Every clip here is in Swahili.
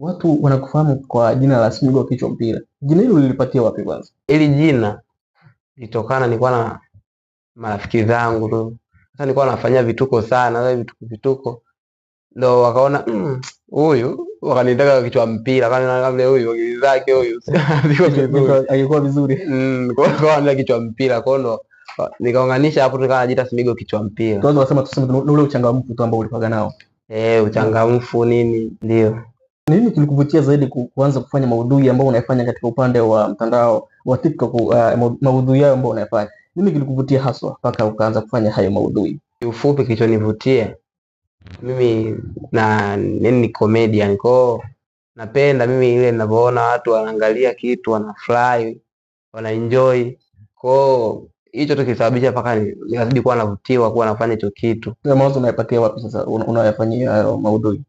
Watu wanakufahamu kwa jina la Smigo Kichwa Mpira. Jina hilo lilipatia wapi kwanza? Ili jina litokana, nilikuwa na marafiki zangu tu. Sasa nilikuwa nafanya vituko sana, sasa vituko vituko. Ndio wakaona mm, huyu, mm, wakanitaka kichwa mpira, kana kama huyu akili zake huyu. Alikuwa vizuri. Mm, kwa hiyo kichwa mpira, kwa ndo nikaunganisha hapo tukawa najiita Smigo Kichwa Mpira. Kwa Tuanze wasema tuseme ule uchangamfu tu ambao ulipaga nao. Eh, uchangamfu nini? Ndio. Nini kilikuvutia zaidi kuanza kufanya maudhui ambayo unaifanya katika upande wa mtandao wa TikTok, uh, maudhui hayo ambayo unaifanya? Nini kilikuvutia haswa mpaka ukaanza kufanya hayo maudhui? Kiufupi kilichonivutia mimi na nini, ni comedian kwao, napenda mimi ile ninavyoona watu wanaangalia kitu wanafurahi, wanaenjoy kwao, hicho tu kilisababisha mpaka nikazidi kuwa navutiwa kuwa nafanya hicho kitu. mawazo unayapatia wapi sasa una- unayafanyia hayo maudhui?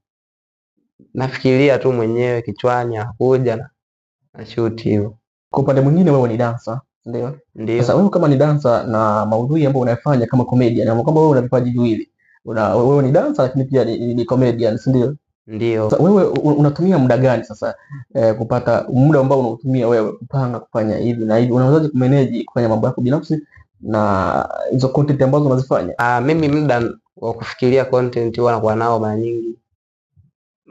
nafikiria tu mwenyewe kichwani, akuja na, na shoot hiyo. Kwa upande mwingine, wewe ni dancer, ndio? Ndio. Sasa wewe kama ni dancer na maudhui ambayo unayofanya kama comedian, na kama wewe una vipaji viwili, una wewe ni dancer lakini pia ni, ni ni comedian, si ndio? Ndio. Sasa wewe unatumia muda gani sasa eh, kupata muda ambao unaotumia wewe kupanga kufanya hivi na hivi, unawezaje kumanage kufanya mambo yako binafsi na hizo content ambazo unazifanya? Ah, mimi muda wa kufikiria content huwa nakuwa nao mara nyingi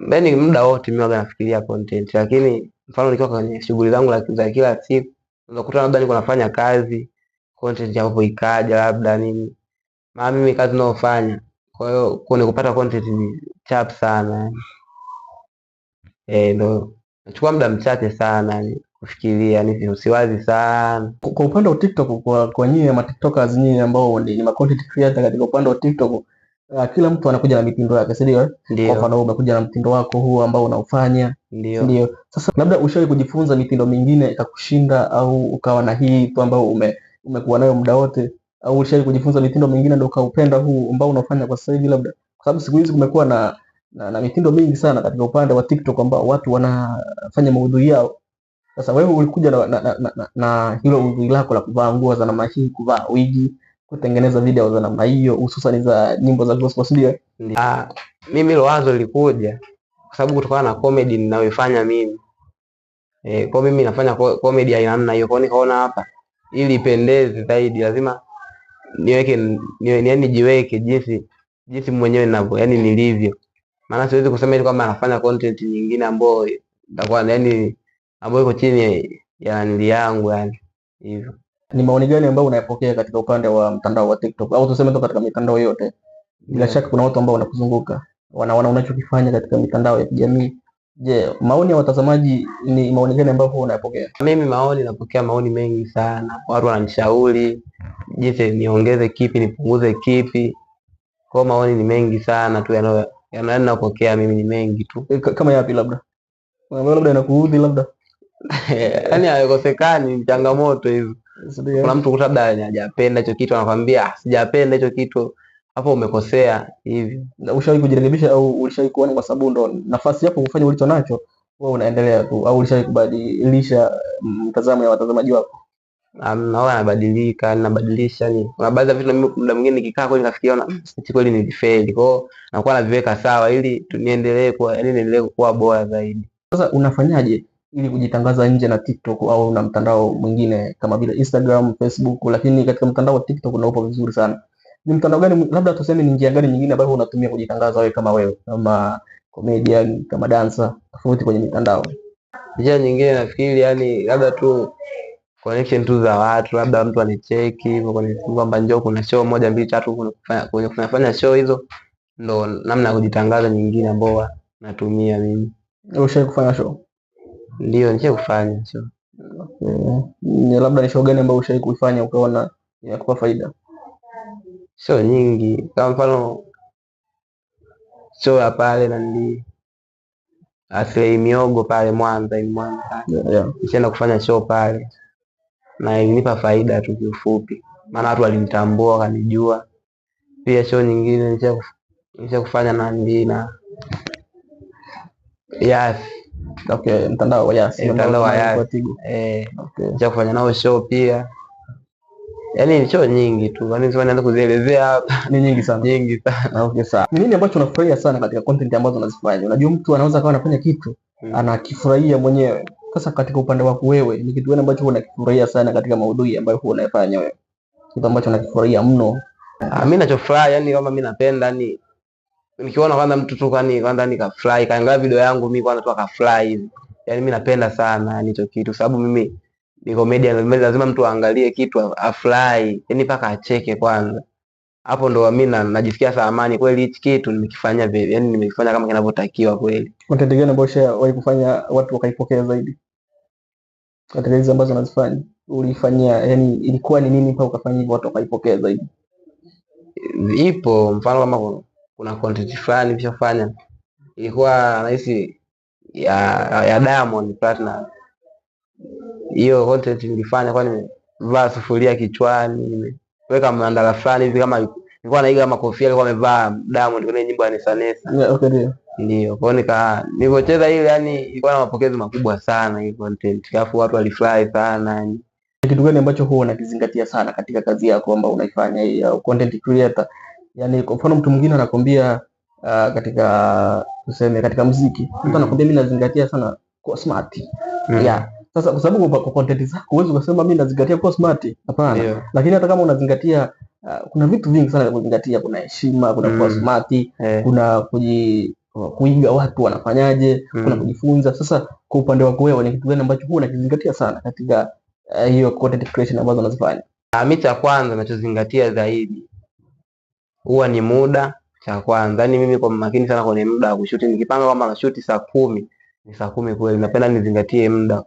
yani muda wote mimi nafikiria content, lakini mfano nikiwa kwenye shughuli zangu za kila siku unaweza kukuta labda niko nafanya kazi content hapo ikaja labda nini, maana mimi kazi ninayofanya, kwa hiyo kwenye kupata content ni chap sana eh, ndo nachukua muda mchache sana ni yaani kufikiria ni yaani usiwazi sana. Kwa upande wa TikTok, kwa, kwa nyinyi ma TikTokers nyinyi ambao ni, ni ma content creator katika upande wa TikTok uh, kila mtu anakuja na mitindo yake, si ndio? Kwa mfano wewe umekuja na mtindo wako huo ambao unaufanya, ndio. Sasa labda ushawahi kujifunza mitindo mingine ikakushinda, au ukawa na hii tu ambayo ume, umekuwa nayo muda wote, au ushawahi kujifunza mitindo mingine ndio ukaupenda huu ambao unafanya kwa sasa hivi, labda kwa sababu siku hizi kumekuwa na, na, na mitindo mingi sana katika upande wa TikTok ambao watu wanafanya maudhui yao sasa wewe ulikuja na, na, na, na, na hilo udhui lako la kuvaa nguo za namna hii, kuvaa wigi kutengeneza video za namna hiyo, hususan za nyimbo za gospel, ndio? Ah, mimi lowazo lilikuja kwa sababu kutokana na comedy ninayoifanya mimi eh, kwa mimi nafanya comedy aina namna hiyo, kwa nikaona hapa ili ipendeze zaidi lazima niweke niwe, yaani nijiweke jinsi jinsi mwenyewe ninavyo, yani nilivyo, maana siwezi kusema ili kwamba nafanya content nyingine ambayo itakuwa yani ambayo iko chini ya nili yangu, yani hivyo ni maoni gani ambayo unayapokea katika upande wa mtandao wa TikTok au tuseme tu katika mitandao yote? Bila yeah, shaka kuna watu ambao wanakuzunguka wanaona unachokifanya katika mitandao ya kijamii. Je, maoni ya watazamaji ni maoni gani ambayo unayapokea? Mimi maoni napokea maoni mengi sana, watu wananishauri jinsi niongeze kipi, nipunguze kipi. Kwa maoni ni mengi sana tu yanayo yanayopokea mimi ni mengi tu. Kama yapi labda labda inakuudhi labda, yaani hayakosekani changamoto hizo kuna mtu labda hajapenda hicho kitu, anakwambia ah, sijapenda hicho kitu, hapo umekosea. Hivi ushawahi kujirekebisha au ulishawahi kuona, kwa sababu ndo nafasi yako kufanya ulicho nacho, wewe unaendelea tu, au ulishawahi kubadilisha mm, mtazamo ya watazamaji wako? Naona anabadilika nabadilisha ni kuna baadhi ya vitu mimi muda mwingine nikikaa kweli nafikiria na hmm, sisi kweli nilifeli kwao, nakuwa naviweka sawa ili niendelee kuwa yani niendelee kuwa bora zaidi. Sasa unafanyaje ili kujitangaza nje na TikTok au na mtandao mwingine kama vile Instagram, Facebook, lakini katika mtandao wa TikTok na vizuri sana. Ni mtandao gani, labda tuseme ni njia gani nyingine ambayo unatumia kujitangaza wewe kama wewe kama comedian kama dancer tofauti kwenye mitandao? Njia nyingine nafikiri, yani labda tu connection tu za watu, labda mtu anicheki hivyo kwamba njoo kuna show moja mbili tatu kwenye kufanya fanya show hizo, ndo namna ya kujitangaza nyingine ambayo natumia mimi. Ushawahi kufanya show? Ndio nisha kufanya sio. Okay. Eh, ni labda ni show gani ambayo ushawahi kuifanya ukaona inakupa faida? Sio nyingi, kama mfano show ya pale nani aslei miogo pale Mwanza ni Mwanza yeah. Nishaenda kufanya show pale na ilinipa faida tu kiufupi, maana watu walinitambua wakanijua. Pia show nyingine nisha kufanya nani na yeah. Okay, mtandao wa Yas, eh, mtandao wa Yas eh, okay. kufanya nao show pia, yani show nyingi tu, yani sio naanza kuzielezea ni nyingi sana, nyingi sana. Okay, sawa. Ni nini ambacho unafurahia sana katika content ambazo unazifanya? Unajua mtu anaweza kawa anafanya kitu hmm. anakifurahia mwenyewe. Sasa katika upande wako wewe, ni kitu gani ambacho unakifurahia sana katika maudhui ambayo huwa unayofanya wewe, kitu ambacho unakifurahia mno? Ah, mimi ninachofurahi, yani kama mimi napenda yani nikiona kwanza mtu tu kwani kwanza nikafurahi, kaangalia video yangu mimi kwanza tu akafurahi hivi. Yani mimi napenda sana yani hicho kitu sababu mimi ni comedian, lazima mtu aangalie kitu afurahi, yani paka acheke kwanza. Hapo ndo mimi na, najisikia saa amani kweli, hichi kitu nimekifanya vile, yani nimekifanya kama kinavyotakiwa kweli. Content gani ambayo ushawahi kufanya watu wakaipokea zaidi? Content hizo ambazo unazifanya ulifanyia, yani ilikuwa ni nini mpaka ukafanya hivyo watu wakaipokea zaidi? Ipo mfano kama kuna content fulani nilishafanya ilikuwa nahisi ya, ya Diamond Platinum. Hiyo content nilifanya kwa vaa sufuria kichwani, nimeweka mandala fulani hivi kama nilikuwa naiga kama kofia alikuwa amevaa Diamond kwenye nyimbo ya Nesa Nesa. Yeah, okay, ndio. Ndio, kwa nika nilipocheza ile yani ilikuwa na mapokezi makubwa sana hiyo content. Alafu watu walifurahi sana yani. Kitu gani ambacho huwa unakizingatia sana katika kazi yako ambayo unaifanya hii ya content creator? yani kwa mfano mtu mwingine anakwambia uh, ah, katika tuseme katika muziki mtu mm. anakwambia mimi nazingatia sana kwa smart mm. yeah sasa kwa sababu kwa content zako huwezi ukasema mimi nazingatia kwa smart hapana yeah. lakini hata kama unazingatia uh, kuna vitu vingi sana vya kuzingatia kuna heshima kuna mm. kwa smart yeah. kuna kuji kuiga watu wanafanyaje mm. kuna kujifunza sasa kwa upande wako wewe ni kitu gani ambacho huwa unakizingatia sana katika eh, hiyo uh, content creation ambazo unazifanya ah, mi cha kwanza nachozingatia zaidi huwa ni muda cha kwanza. Yani mimi kwa makini sana kwenye muda wa kushuti, nikipanga kwamba na shuti saa kumi ni saa kumi kweli, napenda nizingatie muda,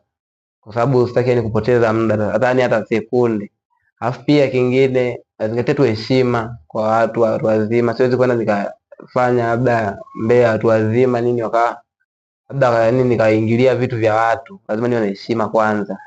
kwa sababu sitaki ni yaani kupoteza muda hadhani hata sekunde. Alafu pia kingine nazingatia tu heshima kwa watu watu wazima, siwezi kwenda nikafanya labda mbele ya watu wazima nini waka labda yani nikaingilia vitu vya watu, lazima niwe na heshima kwanza.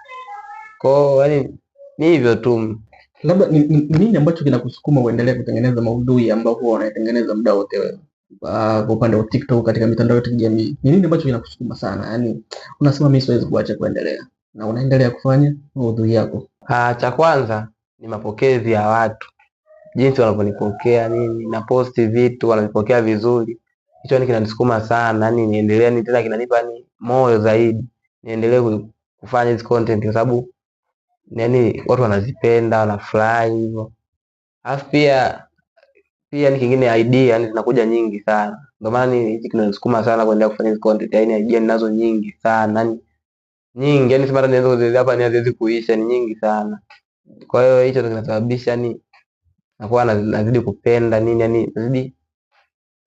Kwao yani ni hivyo tu. Labda ni, ni, nini ambacho kinakusukuma uendelee kutengeneza maudhui ambao huwa unaitengeneza muda wote wewe? Ah, kwa uh, upande wa TikTok katika mitandao yote ya kijamii. Ni nini ambacho kinakusukuma sana? yani unasema mimi siwezi kuacha kuendelea. Na unaendelea kufanya maudhui yako. Ah, cha kwanza ni mapokezi ya watu. Jinsi wanavyonipokea nini, na posti vitu wanavipokea vizuri. Hicho ni yaani kinanisukuma sana. yani niendelee ni tena kinanipa ni moyo zaidi. Niendelee kufanya hizi content kwa sababu yani watu wanazipenda wanafurahi hivyo. Alafu pia pia ni yaani kingine idea yani zinakuja nyingi sana, ndio maana ni hichi kinasukuma sana kuendelea kufanya hizi content, yani idea ninazo nyingi sana yani nyingi, yani sema naweza kuzilea hapa, ni haziwezi kuisha, ni nyingi sana. Kwa hiyo hicho ndio kinasababisha yani nakuwa nazidi kupenda nini, yani nazidi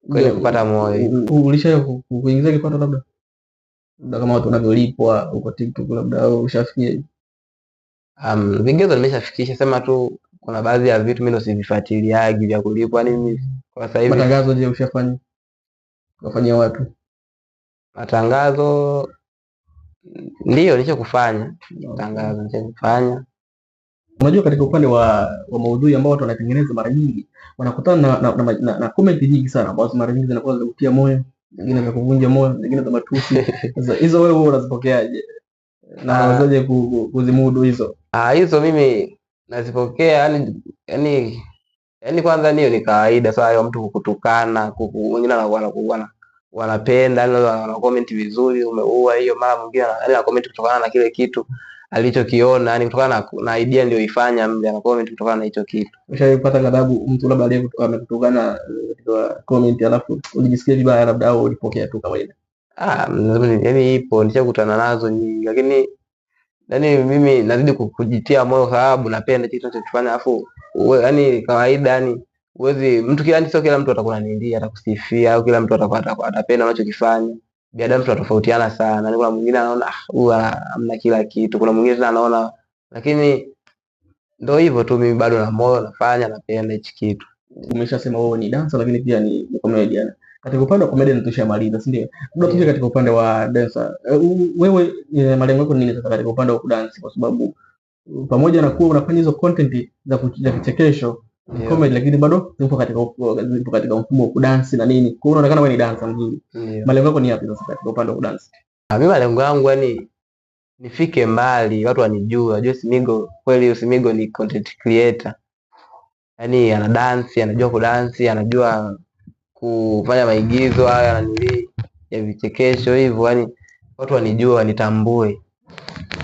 kwenye kupata moyo. Ulisha kuingiza kipato labda labda kama watu wanavyolipwa huko TikTok labda au ushafikia Um, vingezo nimeshafikisha, sema tu kuna baadhi ya vitu mimi ndo sivifuatiliagi vya kulipwa. nini kwa sasa hivi matangazo, je, ushafanya kufanyia watu matangazo? Ndio nisha kufanya matangazo, nisha kufanya. Unajua, katika upande wa, wa maudhui ambao watu wanatengeneza mara nyingi wanakutana na, na, na, na, na comment nyingi sana ambazo mara nyingi zinakuwa zinakutia moyo, zingine za kuvunja moyo, zingine za matusi hizo. Wewe unazipokeaje na ah. unawezaje kuzimudu hizo? Ah, hizo mimi nazipokea yani yani yani kwanza niyo ni kawaida sawa ya mtu kukutukana, wengine wana- wana- wana- wanapenda yani wana wana comment vizuri, umeua hiyo, mara mwingine yani ana comment kutokana na kile kitu alichokiona, yani kutokana na, na idea aliyoifanya mimi ana comment kutokana na hicho kitu. Ushaipata ghadhabu mtu labda aliye amekutukana kwa uh, comment, alafu ulijisikia vibaya labda, au ulipokea tu kawaida? Ah, yani ipo nishakutana nazo nyingi, lakini yani mimi nazidi kujitia moyo sababu napenda kitu ninachofanya, afu yani kawaida, yani uwezi mtu kila, yani sio kila mtu atakuwa ananilia atakusifia, au kila mtu atakuwa atapenda unachokifanya. Binadamu tunatofautiana sana, yaani kuna mwingine anaona ah, huyu amna kila kitu, kuna mwingine tena anaona, lakini ndio hivyo tu. Mimi bado na moyo nafanya, napenda hichi kitu. Umeshasema wewe ni dansa lakini pia ni comedian katika upande wa comedian tushamaliza, si ndio? Labda tuje katika upande wa dancer. Eh, wewe eh, malengo yako nini sasa katika upande wa kudansi? Kwa sababu uh, pamoja na kuwa unafanya hizo content za vichekesho yeah. comedy, lakini bado zipo katika zipo katika mfumo wa kudansi na nini, kwa hiyo unaonekana wewe ni dancer mzuri yeah. malengo yako ni yapi sasa katika upande wa kudansi? Ah, mimi malengo yangu yani nifike mbali, watu wanijue, wajue Simigo kweli. Simigo ni content creator, yani ana dance anajua kudansi, anajua kufanya maigizo haya nili ya vichekesho hivyo, yani watu wanijue, wanitambue,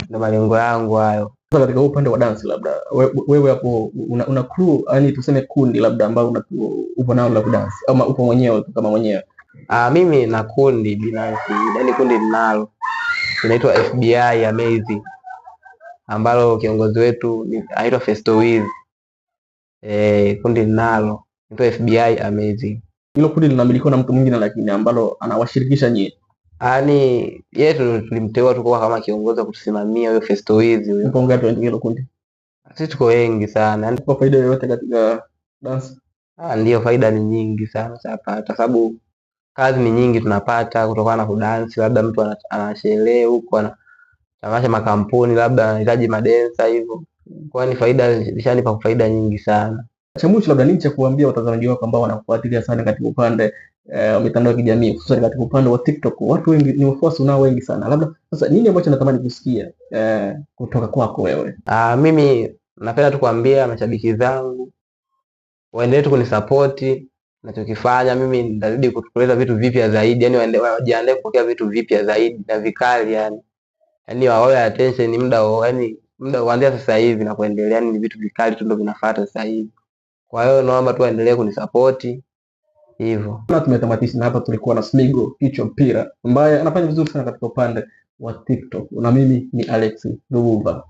ndo malengo yangu hayo. Katika upande wa dance, labda wewe hapo una, una crew yani tuseme kundi labda ambao upo nao la kudance ama upo mwenyewe kama mwenyewe? Ah, mimi na kundi binafsi, yani kundi ninalo linaitwa FBI Amazing ambalo kiongozi wetu anaitwa Festo Wiz. Eh, kundi ninalo linaitwa FBI Amazing hilo kundi linamilikiwa na mtu mwingine, lakini ambalo anawashirikisha nyie. Yaani yeye tulimteua tu kwa kama kiongozi wa kutusimamia huyo Festo hizi huyo. Mpo ngapi katika hilo kundi? Sisi tuko wengi sana. Yaani kwa faida yoyote katika dance? Ah, ndio faida ni nyingi sana tunapata sababu kazi ni nyingi tunapata kutokana na kudansi, labda mtu anasherehe huko ana tamasha makampuni, labda anahitaji madensa hivyo. Kwani faida lishanipa faida nyingi sana. Cha mwisho labda nini cha kuambia watazamaji wako ambao wanakufuatilia sana katika upande eh, wa uh, mitandao ya kijamii hususan katika upande wa TikTok, watu wengi ni wafuasi unao wengi sana, labda sasa nini ambacho natamani kusikia uh, kutoka kwako wewe? Uh, mimi napenda tu kuambia mashabiki zangu waendelee tu kunisapoti nachokifanya mimi, nitazidi kuleta vitu vipya zaidi, yani wajiandae kupokea vitu vipya zaidi na vikali, yani yani wawe attention muda yani muda kuanzia sasa hivi na kuendelea, yani ni vitu vikali tu ndio vinafuata sasa hivi. Kwa hiyo naomba tu aendelee kunisapoti hivyo. Tumetamatisha na hapa, tulikuwa na Smigo kicho Mpira ambaye anafanya vizuri sana katika upande wa TikTok, na mimi ni Alex Lubuva.